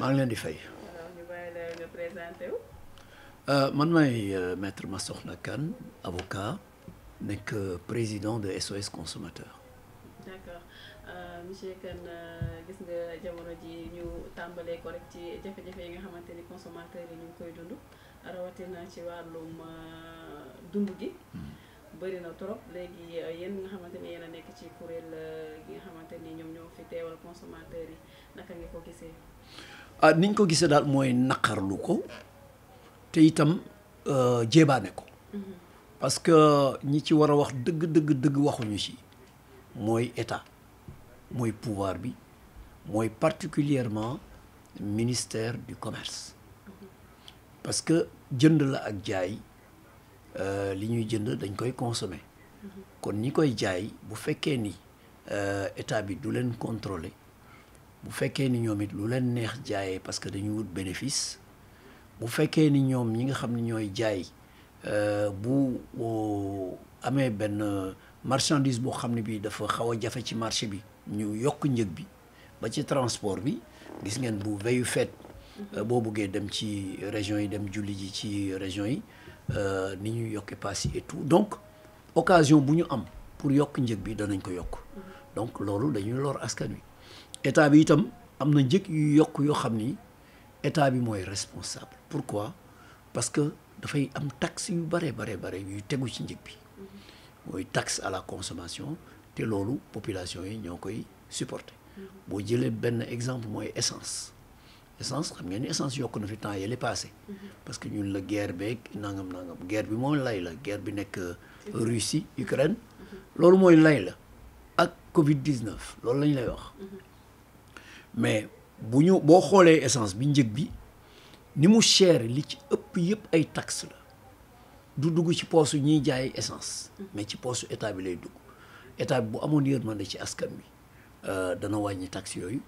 maa ngi leen di fay. Euh, man maay euh, maître Massokhna Kane avocat nekk euh, président de SOS consommateur. d'accord monsieur Kane gis nga jamono ji ñu tàmbalee ko rek ci jafe-jafe yi nga xamante ni consommateur yi ñu ngi koy dund rawatina ci wàllu dund gi. Hmm. bëri na trop léegi yéen nga xamante ni yéen nekk ci kuréel gi nga xamante ni ñoom ñoo fi teewal consommateur yi naka nga ko gisee. ah niñ ko gisee daal mooy naqarlu ko te itam euh, jéebaane ko parce que ñi ci war a wax dëgg dëgg dëgg waxuñu ci mooy état mooy pouvoir bi mooy particulièrement ministère du commerce parce que jënd la ak jaay euh, li ñuy jënd dañ koy consommer kon ñi koy jaay bu fekkee ni euh, état bi du leen contrôler bu fekkee ni ñoom it lu leen neex jaayee parce que dañu wut bénéfice bu fekkee ni ñoom ñi nga xam ni ñooy jaay euh, bu amee benn marchandise boo xam ne bi dafa xaw a jafe ci marché bi ñu yokk njëg bi ba ci transport bi gis ngeen bu veyu feet euh, boo buggee dem ci région yi dem julli ji ci région yi euh, ni ñu yokkee pass yi et tout donc occasion bu ñu am pour yokk njëg bi danañ ko yokk donc loolu dañuy lor askan wi état bi itam am na njëkk yu yokk yoo xam ni état bi mooy responsable pourquoi parce que dafay am taxe yu bare bare bare yuy tegu ci njëkk bi mooy taxe à la consommation te loolu population yi ñoo koy supporter boo jëlee benn exemple mooy essence essence xam ngeen ni essence yokk na fi temps yële passé parce que ñun la guerre beeg nangam nangam ger bi moom lay la guerre bi nekk Russie Ukraine loolu mooy lay la ak Covid 19 loolu lañ lay wax mais bu ñu boo xoolee essence bi njëg bi ni mu cher li ci ëpp yëpp ay taxes la du dugg ci poosu ñuy jaay essence mais ci poosu état bi lay dugg état bi bu amoon yërmande ci askan bi euh, dana wàññi taxes yooyu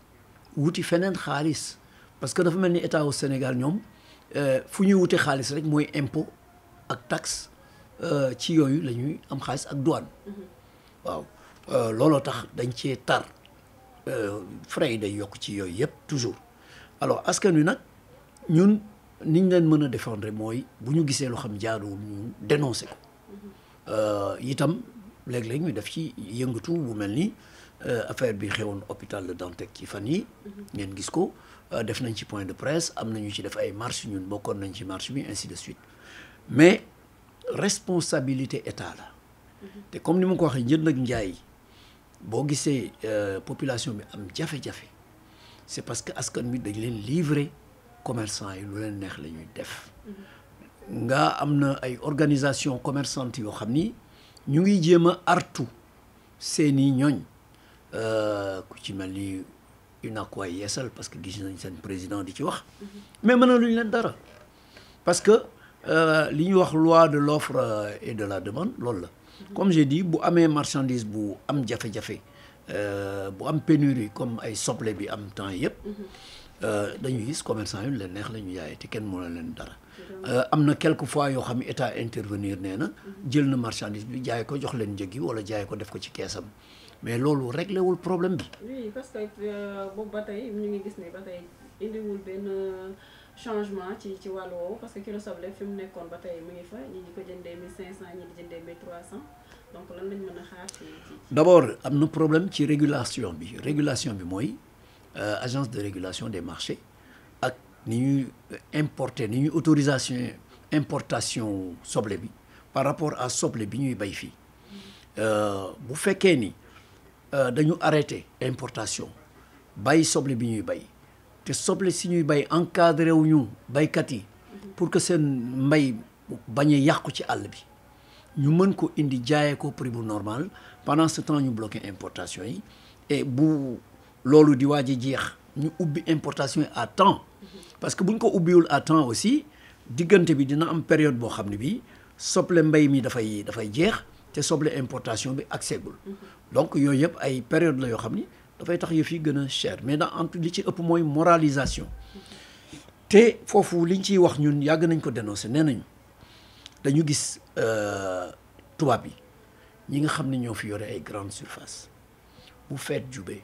wuti feneen xaalis parce que dafa mel ni état wu Sénégal ñoom euh, fu ñuy wute xaalis rek mooy impo ak taxe euh, ci yooyu la ñuy am xaalis ak douane mm-hmm. waaw looloo tax dañ cee tar Euh, frais yi day yokk ci yooyu yëpp toujours alors askan wi nag ñun niñ leen mën a défendre mooy bu ñu gisee loo xam jaaduwul ñu dénoncer ko euh, itam léeg-léeg ñu def ci yëngatu bu mel ni euh, affaire bi xewoon hôpital de Dantec ci fan yi ngeen gis ko def nañ ci point de presse am nañu ci def ay marche ñun bokkoon nañ ci marche bi ainsi de suite mais responsabilité état la mm-hmm. te comme ni ma ko waxee njënd ak njaay boo gisee euh, population bi am jafe-jafe c'est parce que askan bi dañ leen livrer commerçant yi lu leen neex la ñuy def mm-hmm. nga am na ay organisation commerçante yoo xam ni ñu ngi jéem a artu seeni ñooñ euh, ku ci mel ni UNACOIS yeesal parce que gis nañ seen président di ci wax mm-hmm. mais mën na lu ñu leen dara parce que euh, li ñuy wax loi de l'offre et de la demande loolu la comme j'ai dit bu amee marchandise bu am jafe-jafe euh, bu am pénurie comme ay soble bi am temps yëpp mhm. euh, dañuy gis commerçant yi leen neex la ñu yaayee te kenn moo mënu leen dara euh, am na quelque fois yoo xam état intervenir nee na mhm. jël na marchandise bi jaay ko jox leen njëg yi wala jaay ko def ko ci keesam mais loolu réglé wul problème bi. changement ci ci wàllu woowu parce que kilo soble fi mu nekkoon ba tey mu ngi fa ñi di ko jëndee 1500 ñi di jëndee 1300 donc lan lañ mën a xaar ci ci. am na problème ci régulation bi régulation bi mooy euh, agence de régulation des marché ak ni ñuy euh, importer ni ñuy autorisation importation soble bi par rapport à soble bi ñuy bay fii euh, bu fekkee ni dañu arrêter importation bàyyi soble bi ñuy bay. te soble si ñuy bay encadré wu ñu baykat yi pour que seen mbay bañ a yàqu ci àll bi ñu mën ko indi jaaye ko prix bu normal pendant ce temps ñu bloqué importation yi et bu loolu di waaj a jeex ñu ubbi importation yi à temps parce que buñ ko ubbiwul à temps aussi diggante bi dina am période boo xam ne bi soble mbay mi dafay dafay jeex te soble importation bi ak seegul mhm. donc yooyu yëpp ay période la yoo xam ni dafay tax yëf yi gën a cher mais dans entre li ci ëpp mooy moralisation te foofu liñ ciy wax ñun yàgg nañ ko dénoncer nee nañu dañu gis euh, tubaab yi ñi nga xam ne ñoo fi yore ay grandes surfaces bu feet jubee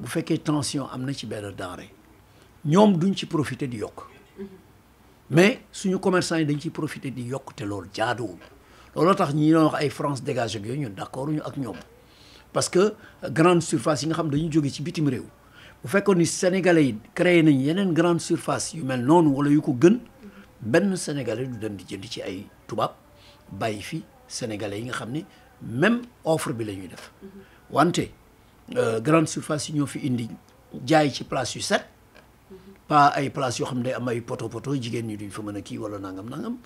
bu fekkee tension am na ci benn denrée ñoom duñ ci profiter di yokk mais suñu commerçant yi dañ ciy profiter di yokk te loolu jaaduwul looloo tax ñi doon wax ay France dégage ak yooyu ñun d'accord ñu ak ñoom parce que grand surface yi nga xam dañu jóge ci bitim réew bu fekkoon ni sénégalais yi créé nañ yeneen grande surface yu mel noonu wala yu ko gën benn sénégalais du dem di jënd ci ay tubaab bàyyi fi sénégalais yi nga xam ni même offre bi la ñuy def mm-hmm. wante euh, grande surface yi ñoo fi indi jaay ci place yu set pas ay place yoo xam ne day am ay poto poto jigéen ñi duñ fa mën a kii wala nangam nangam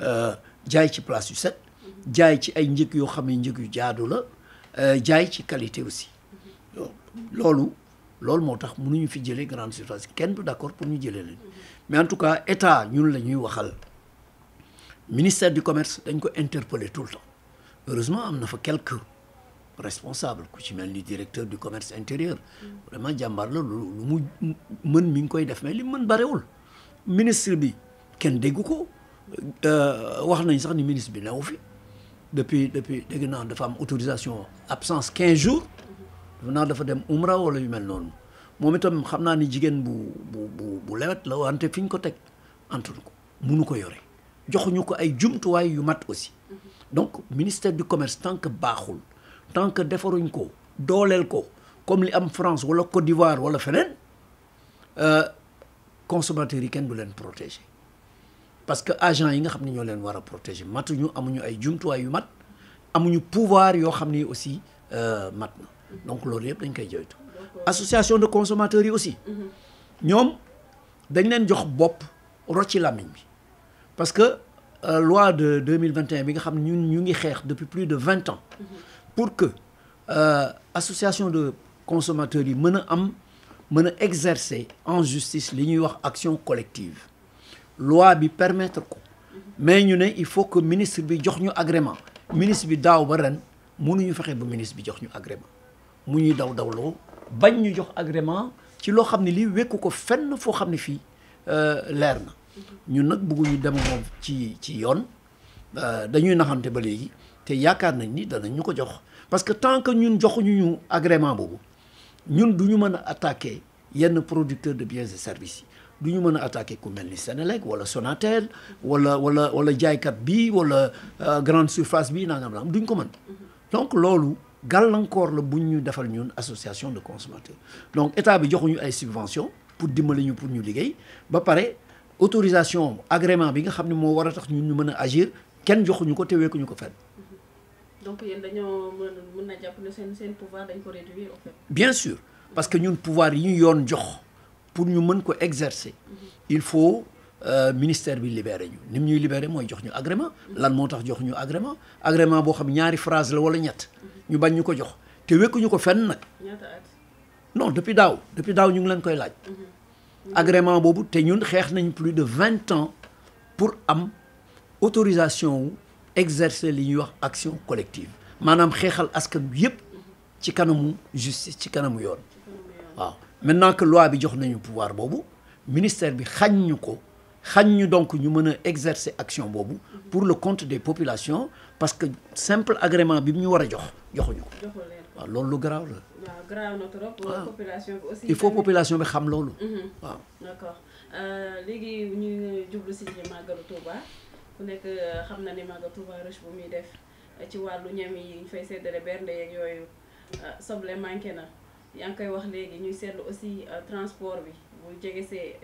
euh, jaay ci place yu set mm-hmm. jaay ci ay njëg yoo xam ne njëg yu jaadu la Euh, jaay ci qualité aussi loolu loolu moo tax nu ñu fi jëlee grande surface kenn du d'accord pour ñu jëlee leen mais en tout cas état ñun la ñuy waxal ministère du commerce dañ ko interpeller tout le temps heureusement am na fa quelques responsables ku ci mel directeur du commerce intérieur vraiment jàmbaar la lu mu mën mi ngi koy def mais li mu mën barewul ministre bi kenn dégg ko euh, wax nañ sax ni ministre bi newu fi depuis depuis dégg naa dafa am autorisation absence 15 jours dafa naa dafa dem umra wala yu mel noonu moom itam xam naa ni jigéen bu bu bu bu lewet la wante fi ñu ko teg antunu ko munu ko yore joxuñu ko ay jumtuwaay yu mat aussi donc ministère du commerce tant que baaxul tant que defaruñ ko dooleel ko comme li am France wala Côte d'Ivoire wala feneen euh, consommateurs yi kenn du leen protéger. parce que agent yi nga xam ne ñoo leen war a protéger matuñu amuñu ay jumtuwaay yu mat amuñu pouvoir yoo xam ni aussi euh, mat na donc loolu yëpp dañ koy joytu association de consommateurs yi aussi mm-hmm. ñoom dañ leen jox bopp rocci làmmiñ bi parce que euh, loi de 2021 bi nga xam ne ñun ñu ngi xeex depuis plus de vingt ans mm-hmm. pour que euh, association de consommateurs yi mën a am mën a exercer en justice li ñuy wax action collective loi bi permettre ko mais ñu ne il faut que ministre bi jox ñu agrément ministre bi daaw ba ren mënuñu fexee ba ministre bi jox ñu agrément mu ñuy daw dawloo bañ ñu jox agrément ci loo xam ne lii wekku ko fenn foo xam ne fii euh, leer na ñun nag bëgguñu dem moom ci ci yoon euh, dañuy naxante ba léegi te yaakaar nañ ni danañ ñu ko jox parce que tant que ñun joxuñu ñu agrément boobu ñun du ñu mën a attaquer yenn producteur de biens et service yi du ñu mën a attaqué ku mel ni Sénélec wala Sonatel wala wala wala jaaykat bi wala euh, grande surface bi nangam la am duñ ko mën donc loolu gàllankoor la buñ ñu defal ñun association de consommateurs donc état bi joxuñu ay subventions pour dimbali ñu pour ñu liggéey ba pare autorisation agrément bi nga xam ne moo war a tax ñun ñu mën a agir kenn joxuñu ko te wekkuñu ko fenn. donc yéen dañoo a jàpp bien sûr parce que ñun pouvoir yi ñu yoon jox. pour ñu mën ko exercer il faut euh, ministère bi libéré ñu ni ñuy libéré mooy jox ñu agrément lan moo tax jox ñu agrément agrément boo xam ñaari phrase la wala ñett ñu bañ ñu ko jox te wekkuñu ko fen nag non depuis daaw depuis daaw ñu ngi leen koy laaj mm-hmm. agrément boobu te ñun xeex nañ plus de vingt ans pour am autorisation wu exercer li ñuy wax action collective maanaam xeexal askan bi yëpp ci kanamu justice ci kanamu yoon maintenant que loi bi jox nañu pouvoir boobu ministère bi xañ ñu ko xañ ñu donc ñu mën a exercer action boobu pour le compte des populations parce que simple agrément bi ñu war a jox joxuñu ko waaw loolu lu garaaw la. waaw garaaw na trop. il faut population bi xam loolu. Mhm. waaw d'accord euh, léegi ñu jublu si màggalu Touba ku nekk euh, xam na ne màggalu Touba ruche bu muy def ci wàllu ñam yi ñu fay séddale bernde yeeg yooyu euh, soble manqué na. yaa ngi koy wax léegi ñuy seetlu aussi euh, transport bi bu jege see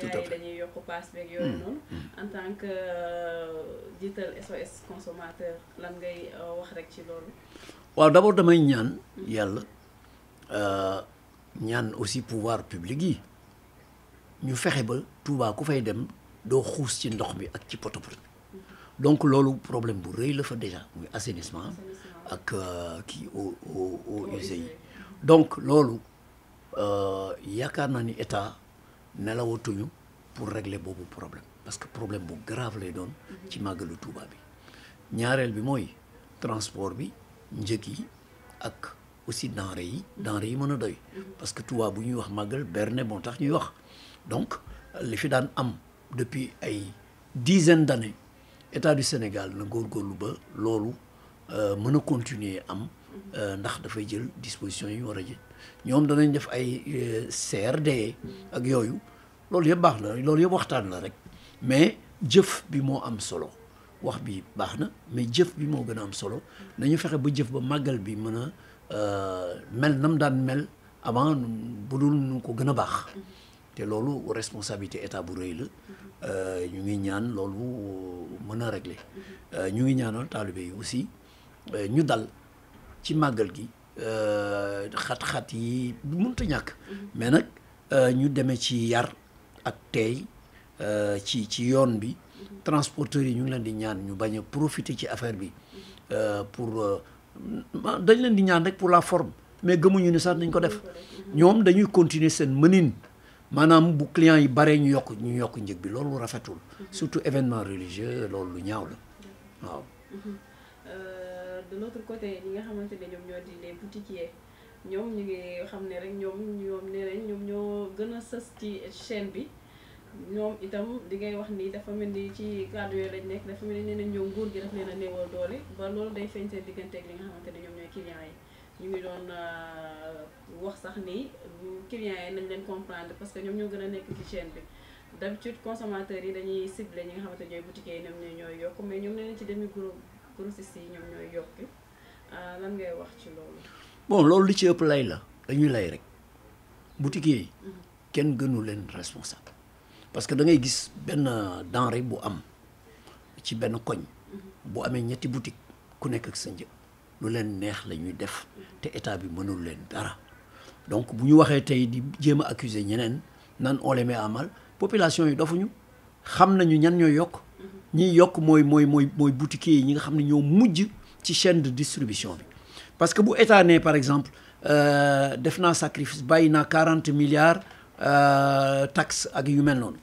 gars yi dañuy yokk paas yooyu hmm, noonu hmm. en tant que euh, jiital SOS consommateur lan ngay euh, wax rek ci loolu waaw d'abord damay ñaan hmm. yàlla ñaan aussi pouvoir public yi ñu fexe ba Touba ku fay dem doo xuus ci ndox bi ak ci poto poto donc loolu problème bu rëy la fa déjà muy assainissement ak kii eaux usées yi donc loolu euh, yaakaar naa ni état nelawatuñu pour régler boobu problème parce que problème bu grave lay doon ci màggalu Tuuba bi ñaareel bi mooy transport bi njëg yi ak aussi denrée yi denrée yi mën a doy parce que Tuuba bu ñuy wax màggal berne moo tax ñuy wax donc li fi daan am depuis ay dizaine d'années état du Sénégal na góor góorgóorlu ba loolu euh, mën a continuer am Euh, ndax dafay jël disposition yi war a jël ñoom danañ def ay euh, CRD ak yooyu loolu yëpp baax na loolu yëpp waxtaan la rek mais jëf bi moo am solo wax bi baax na mais jëf bi moo gën a am solo nañu fexe ba jëf ba màggal bi mën a euh, mel nam daan mel avant bu dul nu ko gën a baax te loolu responsabilité état bu rëy la ñu ngi ñaan loolu mën a régler ñu ngi ñaanal taalibe yi aussi ñu dal ci màggal gi euh, xat-xat yi du mënta ñàkk mm-hmm. mais nag euh, ñu demee ci yar ak teey euh, ci ci yoon bi mm-hmm. transporteurs yi ñu ngi leen di ñaan ñu bañ a profiter ci affaire bi mm-hmm. pour dañ leen di ñaan rek pour la forme mais gëmuñu ne sax nañ ko def ñoom dañuy continuer seen mënin maanaam bu client yi bare ñu yokk ñu yokk njëg bi loolu rafetul surtout événement religieux loolu lu ñaaw la waaw de l'autre côté ñi nga xamante ne ñoom ñoo di les boutiquiers ñoom ñu ngi xam ne rek ñoom ñoom nee nañ ñoom ñoo gën a sës ci chaîne bi ñoom itam li ngay wax ni dafa mel ci cadre yooyu nekk dafa mel ni nee nañ ñoom nguur gi daf leen a néewal doole ba loolu day feeñ seen diggante nga xamante ne ñoom ñooy clients yi ñu ngi doon euh, wax sax ni clients yi nañ leen comprendre que ñoom ñoo gën a nekk ci chaîne bi d'habitude consommateurs yi dañuy ciblé ñi nga xamante ne ñooy boutiquiers yi ñoom ñooy yokk mais ñoom nee nañ ci demi groupe grossiste euh, lan ngay wax loolu. bon li ci ëpp lay la dañuy lay rek boutique mhm. kenn gënu leen responsable parce que da ngay gis benn denrée bu am ci benn koñ mhm. bu amee ñetti boutique ku nekk ak sa njëg lu leen neex la ñuy def mhm. te état bi mënul leen dara donc bu ñu waxee tey di jéem a accuser ñeneen nan on les met population yi dofuñu xam nañu ñan ñoo yokk. ñi yokk mooy mooy mooy mooy boutiquiers yi ñi nga xam ne ñoo mujj ci chaîne de distribution bi parce que bu état ne par exemple euh, def naa sacrifice bàyyi naa quarante milliards euh, tax ak yu mel noonu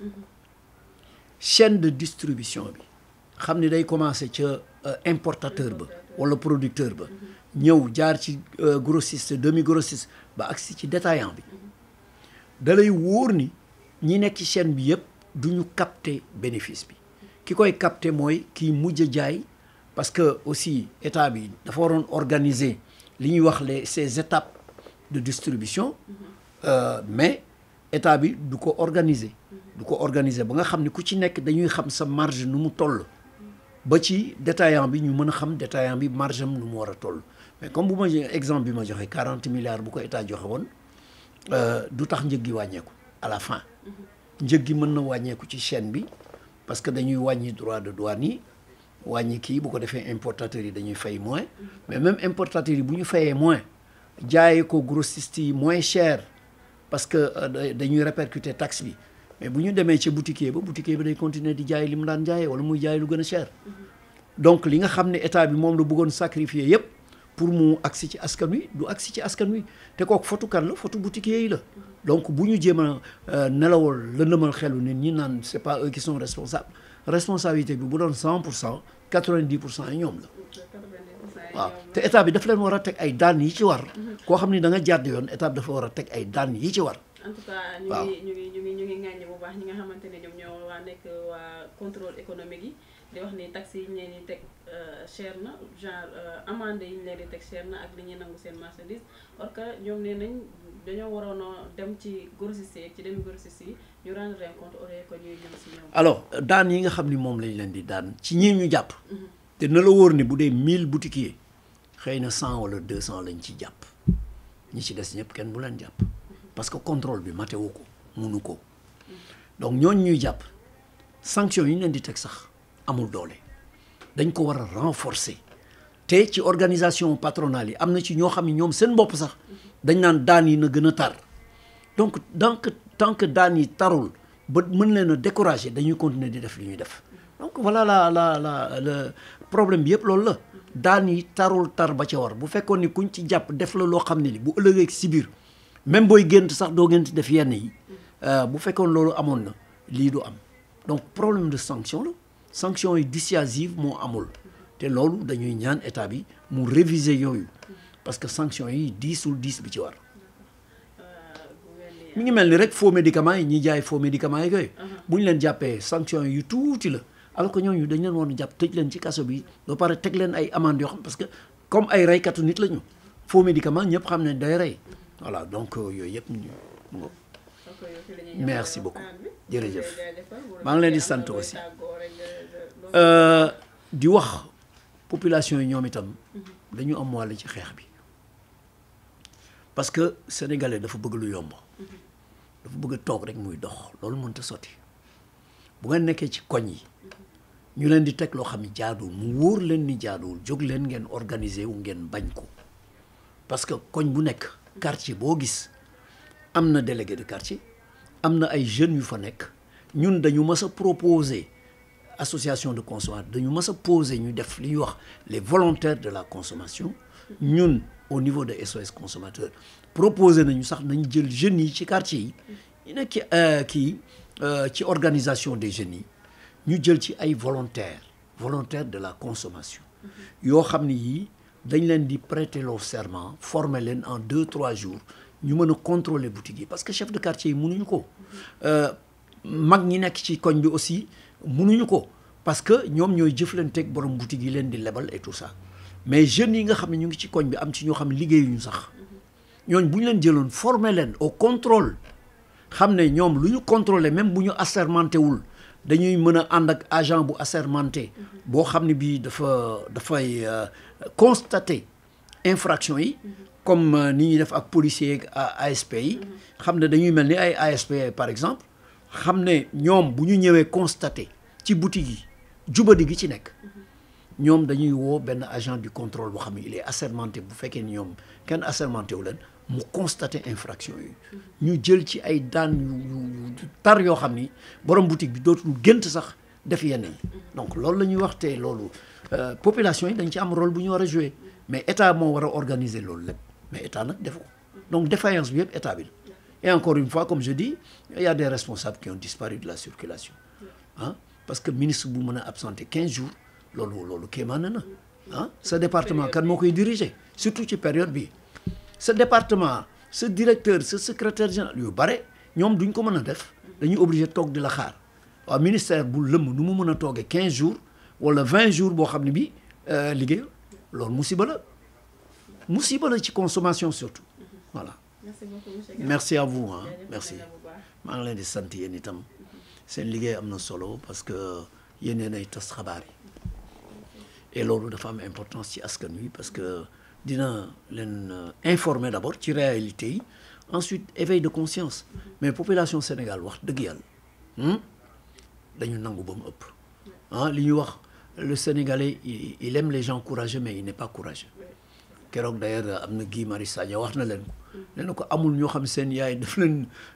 chaîne de distribution bi xam ni day commencé ca euh, importateur ba wala producteur ba ñëw jaar ci grossiste demi grossiste ba agsi ci détaillant bi da lay wóor ni ñi nekk ci chaîne bi yëpp duñu ñu bénéfice bi ki koy capté mooy kii mujj jaay parce que aussi état bi dafa waroon organiser li ñuy wax les ces étapes de distribution mm-hmm. euh, mais état bi du ko organiser mm-hmm. du ko organiser ba nga xam ne ku ci nekk dañuy xam sa marge nu mu toll mm-hmm. ba ci détaillant bi ñu mën a xam détaillant bi marge am nu mu war a toll mais comme bu ma exemple bi ma joxe quarante milliards bu ko état joxe woon euh, du tax njëg gi wàññeeku à la fin njëg gi mën na wàññeeku ci chaîne bi parce que dañuy wàññi droit de douane yi wàññi kii bu ko defee importateurs yi dañuy fay moins mais même importateurs yi bu ñu fayee moins jaayee ko grossistes yi moins cher parce que euh, dañuy répercuter taxe bi mais bu ñu demee ci boutiquier ba boutiquier bi day continuer di jaay li mu daan jaayee wala muy jaay lu gën a cher mm-hmm. donc li nga xam ne état bi moom la buggoon sacrifier yëpp pour mu agsi ci askan wi du agsi ci askan wi te kook fotu kan la fotu boutique yi la donc bu ñu jéem a euh, nelawal lëndëmal xelu nit ñi naan c'est pas eux qui sont responsables responsabilité bi bu doon 100 pour cent 90 pour cent yi ñoom la. waaw te état bi dafa leen war a teg ay daan yi ci war. koo xam ni da nga jaar yoon état bi dafa war a teg ay daan yi ci war. en ñu ngi ñu ngi ñu ngi ŋàññi bu baax ñi nga xamante ne ñoom ñoo waa nekk waa yi. di wax ni taxes yi ñu leen teg euh, cher na genre euh, amende yi ñu leen teg cher na ak li ñuy nangu seen marchandise or que ñoom nee nañ dañoo waroon dem ci grossiste yi ñu rendre compte au si ñoom. alors daan yi nga xam ni moom lañ leen di daan ci ñii ñu jàpp. Mm-hmm. te na la wóor ni bu dee mille boutiquiers xëy na 100 wala 200 lañ ci jàpp ñi ci des ñëpp kenn bu leen jàpp mm-hmm. parce que contrôle bi matewu ko munu ko mm-hmm. donc ñooñu ñuy jàpp sanction yi ñu leen di teg sax. amul doole dañ ko war a renforcer te ci organisation patronale yi am na ci ñoo xam ne ñoom seen bopp sax dañ naan daan yi na gën a tar donc tant que daan yi tarul ba mën leen a décourager dañuy continuer di def li ñuy def donc voilà la la la problème bi yëpp loolu la daan yi tarul tar ba ca war bu fekkoon ni kuñ ci jàpp def la loo xam ne li bu ëllëgee si biir même booy gént sax doo gént def yenn yi euh, bu fekkoon loolu amoon na lii du am donc problème de sanction la sanction yi dissuasive moo amul te loolu dañuy ñaan état bi mu réviser yooyu parce que sanction yi diisul diis bi ci war euh, mi ngi mel ni rek faux médicament yi ñiy jaay faux médicament yi yooyu uh-huh. bu ñu leen jàppee sanction yu tuuti la alors que ñooñu dañ leen woon jàpp tëj leen ci kaso bi ba pare teg leen ay amende yoo xam parce que comme ay reykatu nit la foo faux médicament ñëpp xam ne day rey voilà donc euh, yooyu yëpp ñu merci beaucoup jërëjëf maa ngi leen di sant aussi euh, euh, di wax population yi ñoom itam mhm. dañu am wàll ci xeex bi parce que sénégalais dafa bëgg lu yomb mhm. dafa bëgg toog rek muy dox loolu mënta sotti bu ngeen nekkee ci koñ yi mhm. ñu leen di teg loo xam ne jaaduwul mu wóor leen ni jaaduwul jóg leen ngeen organiser wu ngeen bañ ko parce que koñ bu nekk quartier boo gis am na délégué de quartier am na ay jeunes yu fa nekk ñun dañu mës a proposer association de consommateurs dañu mës a poser ñu def li ñuy wax les volontaires de la consommation ñun au niveau de SOS consommateur proposer nañu sax nañu jël jeunes yi ci quartier yi ñu nekk ci euh, kii euh, ci organisation des jeunes yi ñu jël ci ay volontaires volontaires de la consommation mm-hmm. yoo xam ni yii dañ leen di prêter loo serment former leen en deux trois jours ñu mën a contrôler boutique yi parce que chef de quartier yi mënuñu ko euh, mag ñi nekk ci koñ bi aussi mënuñu ko parce que ñoom ñooy jëflanteeg borom boutique yi leen di lebal et tout ça mais jeunes yi nga xam ne ñu ngi ci koñ bi am ci ñoo xam ne ñu sax ñooñ bu ñu leen jëloon former leen au contrôle xam ne ñoom lu ñu contrôler même bu ñu assermenté wul dañuy mën a ànd ak agent bu assermenté boo xam ne bii dafa dafay euh, constater infraction yi comme euh, ni ñuy def ak policier yeeg euh, ASP yi. xam ne dañuy mel ni ay ASP par exemple. xam ne ñoom bu ñu ñëwee constaté ci boutique yi jubadi gi ci nekk. ñoom dañuy woo benn agent du contrôle boo xam ne il est bu fekkee ni ñoom kenn assermenté wu leen mu constaté infraction yi ñu jël ci ay daan yu yu tar yoo xam ni borom boutique bi dootul gént sax def yenn yi donc loolu la ñuy wax te loolu euh, population yi dañ ci am rôle bu ñu war a jouer mais état moom war a organiser loolu lépp. mais état nag def ko donc défaillance bi yëpp état bi la et encore une fois comme je dis il a des responsables qui ont disparu de la circulation ah parce que ministre bu mën a absenté quinze jours loolu loolu kéemaan na ah mm. sa département kan moo koy diriger surtout ci période bi sa département sa directeur sa secrétaire général yu bare ñoom duñ ko mën a def dañuy obligé toog di la xaar waaw ministère bu lëmm nu mu mën a toogee 15 jours wala 20 jours boo xam ne bi euh, liggéey loolu musiba la musiba la ci consommation surtout mhm. voilà. merci beaucoup monsieur merci à vous merci maa ngi leen di sant yéen itam mhm. seen liggéey am na solo parce que yéen yéen ay tas xabaar yi et loolu dafa am importance ci askan wi parce que dina leen euh, informer d'abord ci réalité yi ensuite éveil de conscience mhm. mais population Sénégal wax dëgg yàlla hmm, dañu nangu ba mu ëpp ah li ñuy wax le Sénégalais il aime les gens courageux mais il n'est pas courageux keroog d'ailleurs am na Guy Marius Sagna wax na leen ko na ko amul ñoo xam seen yaay daf leen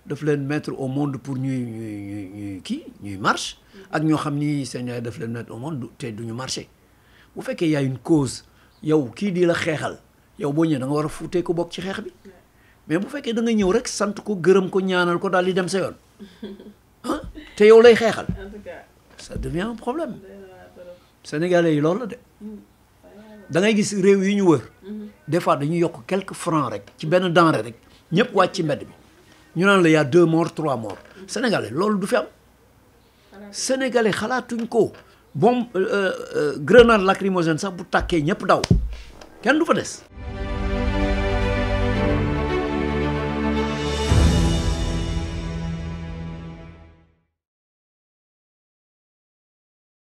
daf leen mettre au monde pour ñuy ñuy ñuy kii ñuy marche ak ñoo xam ni seen daf leen mettre au monde te duñu marché bu fekkee yaay une yow kii di la xeexal yow boo ñëwee da nga war a ko bokk ci xeex bi mais bu fekkee da nga ñëw rek sant ko gërëm ko ñaanal ko daal di dem sa yoon ah yow lay xeexal ça devient un problème sénégalais yi lool la de mm. da gis réew yi ñu wër des fois dañuy yokk quelques francs rek ci benn denrée rek ñëpp wàcc ci mbedd bi ñu naan la y deux morts trois morts sénégalais loolu du fi am sénégalais xalaatuñ ko bombe euh, euh, grenade lacrymogène sax bu tàkkee ñëpp daw kenn du fa des